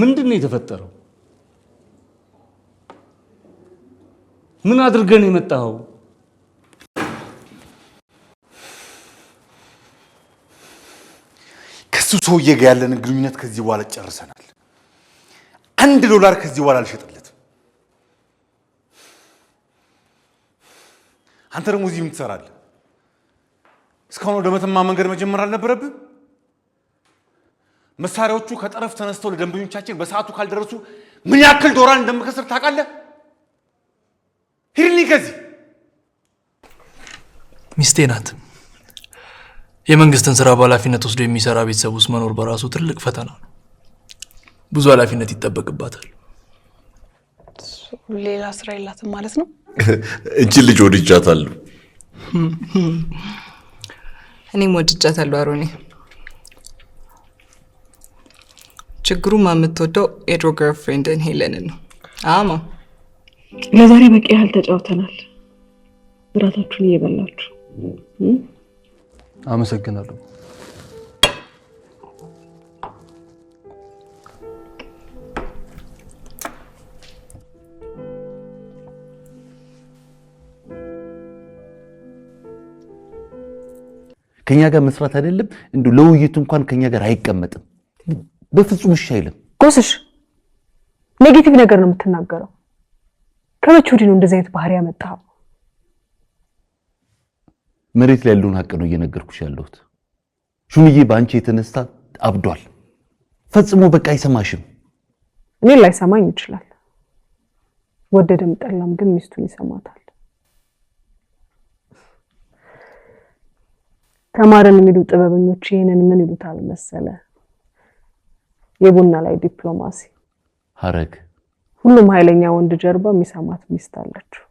ምንድን ነው የተፈጠረው? ምን አድርገን የመጣኸው? ከሱ ሰውዬ ጋር ያለን ግንኙነት ከዚህ በኋላ ጨርሰናል። አንድ ዶላር ከዚህ በኋላ አልሸጥለትም። አንተ ደግሞ እዚህ ምን ትሰራለህ? እስካሁን ወደ መተማ መንገድ መጀመር አልነበረብህ? መሳሪያዎቹ ከጠረፍ ተነስተው ለደንበኞቻችን በሰዓቱ ካልደረሱ ምን ያክል ዶላር እንደምከስር ታውቃለህ? ሂድልኝ ከዚህ። ሚስቴ ናት። የመንግስትን ስራ በኃላፊነት ወስዶ የሚሰራ ቤተሰብ ውስጥ መኖር በራሱ ትልቅ ፈተና ነው። ብዙ ኃላፊነት ይጠበቅባታል። ሌላ ስራ የላትም ማለት ነው። እችን ልጅ ወድጃታለሁ። እኔም ወድጃታለሁ አሮኔ ችግሩ የምትወደው የድሮ ገርፍሬንድን ሄለንን ነው። አማ ለዛሬ በቂ ያህል ተጫውተናል። እራታችሁን እየበላችሁ አመሰግናለሁ። ከኛ ጋር መስራት አይደለም እንዲ ለውይይቱ እንኳን ከኛ ጋር አይቀመጥም። በፍጹም እሺ አይልም። ቆስሽ ኔጌቲቭ ነገር ነው የምትናገረው። ከመቼ ወዲህ ነው እንደዚህ አይነት ባህሪ ያመጣው? መሬት ላይ ያለውን ሀቅ ነው እየነገርኩሽ ያለሁት። ሹንዬ በአንቺ የተነሳ አብዷል። ፈጽሞ በቃ አይሰማሽም። እኔ ላይሰማኝ ይችላል። ወደደም ጠላም ግን ሚስቱን ይሰማታል። ተማረን የሚሉ ጥበበኞች ይህንን ምን ይሉታል መሰለ የቡና ላይ ዲፕሎማሲ ሀረግ ሁሉም ኃይለኛ ወንድ ጀርባ የሚሰማት ሚስት አለችው።